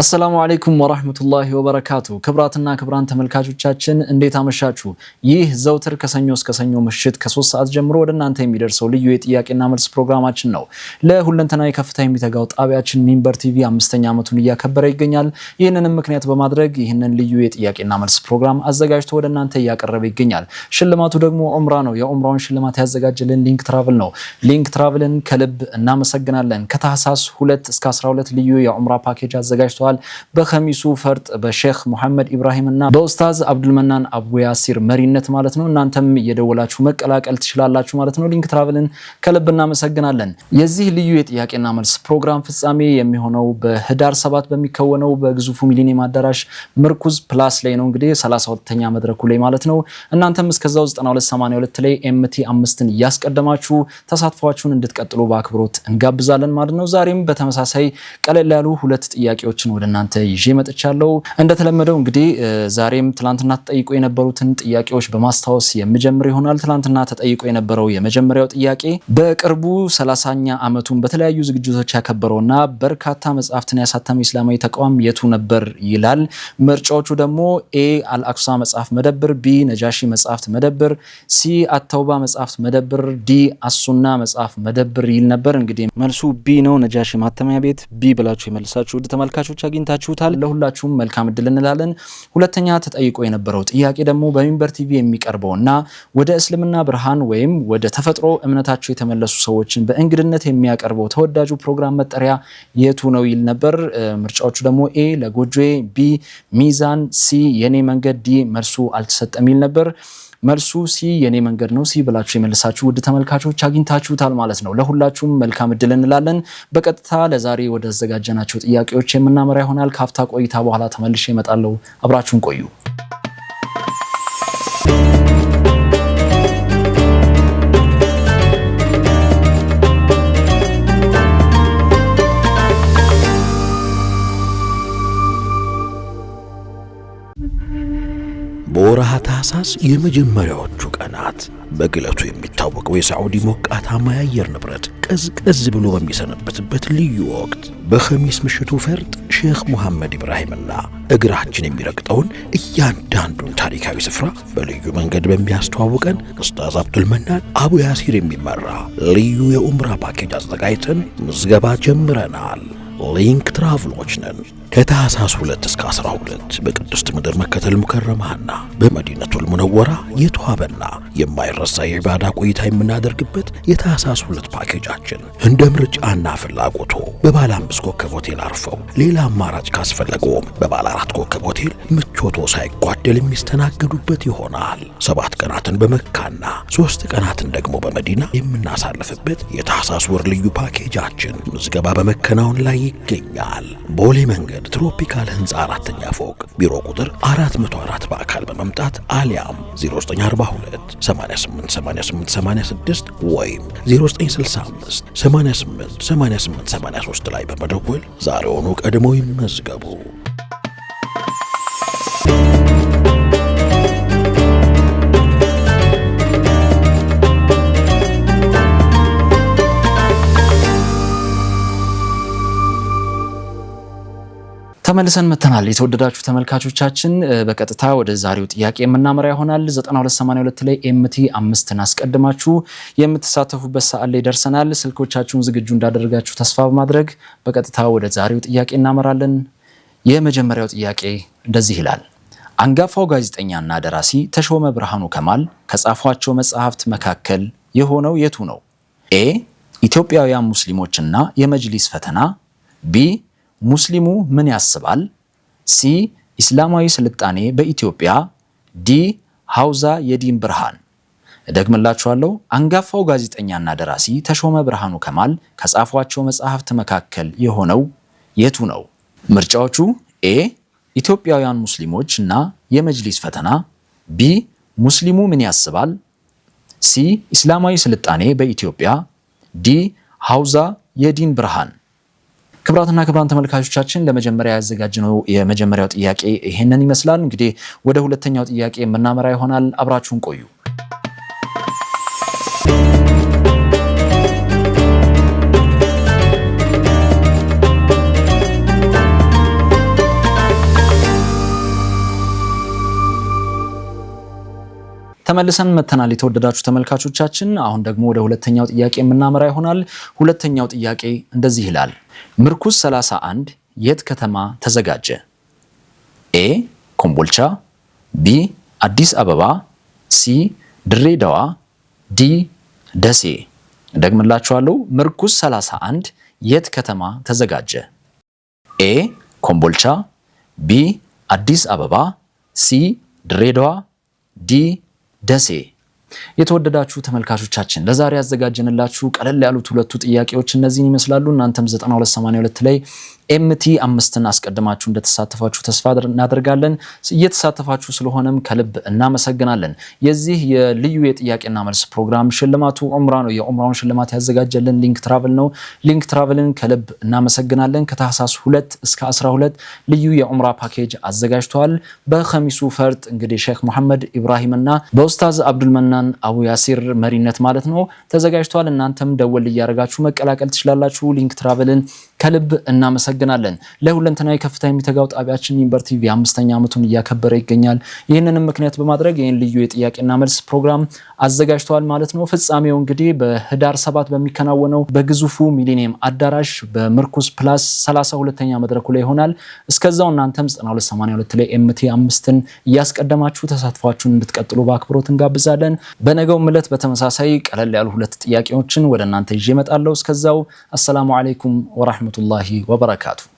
አሰላሙ አለይኩም ወራህመቱላሂ ወበረካቱ። ክብራትና ክብራን ተመልካቾቻችን እንዴት አመሻችሁ? ይህ ዘውትር ከሰኞ እስከ ሰኞ ምሽት ከሶስት ሰዓት ጀምሮ ወደ እናንተ የሚደርሰው ልዩ የጥያቄና መልስ ፕሮግራማችን ነው። ለሁለንተናዊ ከፍታ የሚተጋው ጣቢያችን ሚንበር ቲቪ አምስተኛ ዓመቱን እያከበረ ይገኛል። ይህንንም ምክንያት በማድረግ ይህንን ልዩ የጥያቄና መልስ ፕሮግራም አዘጋጅቶ ወደ እናንተ እያቀረበ ይገኛል። ሽልማቱ ደግሞ ዑምራ ነው። የዑምራውን ሽልማት ያዘጋጀልን ሊንክ ትራቭል ነው። ሊንክ ትራቭልን ከልብ እናመሰግናለን። ከታህሳስ ሁለት እስከ 12 ልዩ የዑምራ ፓኬጅ አዘጋጅተዋል። ተገልጿል። በከሚሱ ፈርጥ በሼክ ሙሐመድ ኢብራሂም እና በኡስታዝ አብዱልመናን አቡ ያሲር መሪነት ማለት ነው። እናንተም እየደወላችሁ መቀላቀል ትችላላችሁ ማለት ነው። ሊንክ ትራቭልን ከልብ እናመሰግናለን። የዚህ ልዩ የጥያቄና መልስ ፕሮግራም ፍጻሜ የሚሆነው በህዳር ሰባት በሚከወነው በግዙፉ ሚሊኒየም አዳራሽ ምርኩዝ ፕላስ ላይ ነው። እንግዲህ 32ኛ መድረኩ ላይ ማለት ነው። እናንተም እስከዛው 9282 ላይ ኤምቲ አምስትን እያስቀደማችሁ ተሳትፏችሁን እንድትቀጥሉ በአክብሮት እንጋብዛለን ማለት ነው። ዛሬም በተመሳሳይ ቀለል ያሉ ሁለት ጥያቄዎችን ወደ እናንተ ይዤ መጥቻለሁ። እንደተለመደው እንግዲህ ዛሬም ትላንትና ተጠይቆ የነበሩትን ጥያቄዎች በማስታወስ የምጀምር ይሆናል። ትላንትና ተጠይቆ የነበረው የመጀመሪያው ጥያቄ በቅርቡ ሰላሳኛ ዓመቱን በተለያዩ ዝግጅቶች ያከበረውና በርካታ መጽሐፍትን ያሳተመ ኢስላማዊ ተቋም የቱ ነበር ይላል። ምርጫዎቹ ደግሞ ኤ አልአክሷ መጽሐፍ መደብር፣ ቢ ነጃሺ መጽሐፍት መደብር፣ ሲ አተውባ መጽሐፍት መደብር፣ ዲ አሱና መጽሐፍ መደብር ይል ነበር። እንግዲህ መልሱ ቢ ነው፣ ነጃሺ ማተሚያ ቤት ቢ ብላችሁ የመልሳችሁ ውድ ተመልካቾች አግኝታችሁታል። ለሁላችሁም መልካም እድል እንላለን። ሁለተኛ ተጠይቆ የነበረው ጥያቄ ደግሞ በሚንበር ቲቪ የሚቀርበው እና ወደ እስልምና ብርሃን ወይም ወደ ተፈጥሮ እምነታቸው የተመለሱ ሰዎችን በእንግድነት የሚያቀርበው ተወዳጁ ፕሮግራም መጠሪያ የቱ ነው ይል ነበር። ምርጫዎቹ ደግሞ ኤ ለጎጆዬ፣ ቢ ሚዛን፣ ሲ የኔ መንገድ፣ ዲ መልሱ አልተሰጠም ይል ነበር። መልሱ ሲ የኔ መንገድ ነው ሲ ብላችሁ የመልሳችሁ ውድ ተመልካቾች አግኝታችሁታል ማለት ነው። ለሁላችሁም መልካም እድል እንላለን። በቀጥታ ለዛሬ ወደ አዘጋጀናቸው ጥያቄዎች የምናመራ ማብራሪያ ይሆናል። ከአፍታ ቆይታ በኋላ ተመልሼ እመጣለሁ። አብራችሁን ቆዩ። በወርሃ ታህሳስ የመጀመሪያዎቹ ቀናት በግለቱ የሚታወቀው የሳዑዲ ሞቃታማ የአየር ንብረት ቀዝቀዝ ብሎ በሚሰነበትበት ልዩ ወቅት በኸሚስ ምሽቱ ፈርጥ ሼህ ሙሐመድ ኢብራሂምና እግራችን የሚረግጠውን እያንዳንዱን ታሪካዊ ስፍራ በልዩ መንገድ በሚያስተዋውቀን ኡስታዝ አብዱልመናን አቡ ያሲር የሚመራ ልዩ የኡምራ ፓኬጅ አዘጋጅተን ምዝገባ ጀምረናል። ሊንክ ትራቭሎች ነን። ከታህሳስ 2 እስከ 12 በቅድስት ምድር መከተል ሙከረማና በመዲነቱል ሙነወራ የተዋበና የማይረሳ የባዳ ቆይታ የምናደርግበት የታህሳስ 2 ፓኬጃችን እንደ ምርጫና ፍላጎቶ በባለ አምስት ኮከብ ሆቴል አርፈው ሌላ አማራጭ ካስፈለገውም በባለ አራት ኮከብ ሆቴል ምቾቶ ሳይጓደል የሚስተናገዱበት ይሆናል። ሰባት ቀናትን በመካና ሶስት ቀናትን ደግሞ በመዲና የምናሳልፍበት የታህሳስ ወር ልዩ ፓኬጃችን ምዝገባ በመከናወን ላይ ይገኛል። ቦሌ መንገድ መንገድ ትሮፒካል ህንፃ አራተኛ ፎቅ ቢሮ ቁጥር 404 በአካል በመምጣት አሊያም 0942 888886 ወይም 0965 888883 ላይ በመደወል ዛሬውኑ ቀድሞ ይመዝገቡ። ተመልሰን መተናል። የተወደዳችሁ ተመልካቾቻችን በቀጥታ ወደ ዛሬው ጥያቄ የምናመራ ይሆናል። 9282 ላይ ኤምቲ አምስትን አስቀድማችሁ የምትሳተፉበት ሰዓት ላይ ደርሰናል። ስልኮቻችሁን ዝግጁ እንዳደረጋችሁ ተስፋ በማድረግ በቀጥታ ወደ ዛሬው ጥያቄ እናመራለን። የመጀመሪያው ጥያቄ እንደዚህ ይላል። አንጋፋው ጋዜጠኛና ደራሲ ተሾመ ብርሃኑ ከማል ከጻፏቸው መጽሐፍት መካከል የሆነው የቱ ነው? ኤ ኢትዮጵያውያን ሙስሊሞችና የመጅሊስ ፈተና፣ ቢ ሙስሊሙ ምን ያስባል? ሲ ኢስላማዊ ስልጣኔ በኢትዮጵያ፣ ዲ ሐውዛ የዲን ብርሃን። እደግምላችኋለሁ። አንጋፋው ጋዜጠኛና ደራሲ ተሾመ ብርሃኑ ከማል ከጻፏቸው መጽሐፍት መካከል የሆነው የቱ ነው? ምርጫዎቹ ኤ ኢትዮጵያውያን ሙስሊሞች እና የመጅሊስ ፈተና፣ ቢ ሙስሊሙ ምን ያስባል፣ ሲ ኢስላማዊ ስልጣኔ በኢትዮጵያ፣ ዲ ሐውዛ የዲን ብርሃን ክብራትና ክብራን ተመልካቾቻችን ለመጀመሪያ ያዘጋጅነው የመጀመሪያው ጥያቄ ይህንን ይመስላል። እንግዲህ ወደ ሁለተኛው ጥያቄ የምናመራ ይሆናል። አብራችሁን ቆዩ። ተመልሰን መተናል። የተወደዳችሁ ተመልካቾቻችን፣ አሁን ደግሞ ወደ ሁለተኛው ጥያቄ የምናመራ ይሆናል። ሁለተኛው ጥያቄ እንደዚህ ይላል። ምርኩዝ 31 የት ከተማ ተዘጋጀ? ኤ ኮምቦልቻ፣ ቢ አዲስ አበባ፣ ሲ ድሬዳዋ፣ ዲ ደሴ። ደግምላችኋለሁ። ምርኩዝ 31 የት ከተማ ተዘጋጀ? ኤ ኮምቦልቻ፣ ቢ አዲስ አበባ፣ ሲ ድሬዳዋ፣ ዲ ደሴ የተወደዳችሁ ተመልካቾቻችን ለዛሬ ያዘጋጀንላችሁ ቀለል ያሉት ሁለቱ ጥያቄዎች እነዚህን ይመስላሉ። እናንተም 9282 ላይ ኤምቲ አምስትን አስቀድማችሁ እንደተሳተፋችሁ ተስፋ እናደርጋለን። እየተሳተፋችሁ ስለሆነም ከልብ እናመሰግናለን። የዚህ የልዩ የጥያቄና መልስ ፕሮግራም ሽልማቱ ዑምራ ነው። የዑምራውን ሽልማት ያዘጋጀልን ሊንክ ትራቭል ነው። ሊንክ ትራቭልን ከልብ እናመሰግናለን። ከታህሳስ 2 እስከ 12 ልዩ የዑምራ ፓኬጅ አዘጋጅተዋል። በከሚሱ ፈርጥ እንግዲህ ሼክ መሐመድ ኢብራሂምና በኡስታዝ አብዱልመና አቡ ያሲር መሪነት ማለት ነው ተዘጋጅቷል። እናንተም ደወል እያደረጋችሁ መቀላቀል ትችላላችሁ። ሊንክ ትራቨልን ከልብ እናመሰግናለን። ለሁለንተናዊ ከፍታ የሚተጋው ጣቢያችን ሚንበር ቲቪ አምስተኛ ዓመቱን እያከበረ ይገኛል። ይህንንም ምክንያት በማድረግ ይህን ልዩ የጥያቄና መልስ ፕሮግራም አዘጋጅተዋል ማለት ነው። ፍጻሜው እንግዲህ በህዳር ሰባት በሚከናወነው በግዙፉ ሚሊኒየም አዳራሽ በምርኩስ ፕላስ 32ኛ መድረኩ ላይ ይሆናል። እስከዛው እናንተም 9282 ላይ ኤምቲ አምስትን እያስቀደማችሁ ተሳትፏችሁን እንድትቀጥሉ በአክብሮት እንጋብዛለን። በነገው ምለት በተመሳሳይ ቀለል ያሉ ሁለት ጥያቄዎችን ወደ እናንተ ይዤ እመጣለሁ። እስከዛው አሰላሙ አሌይኩም ወራህመቱ ورحمه الله وبركاته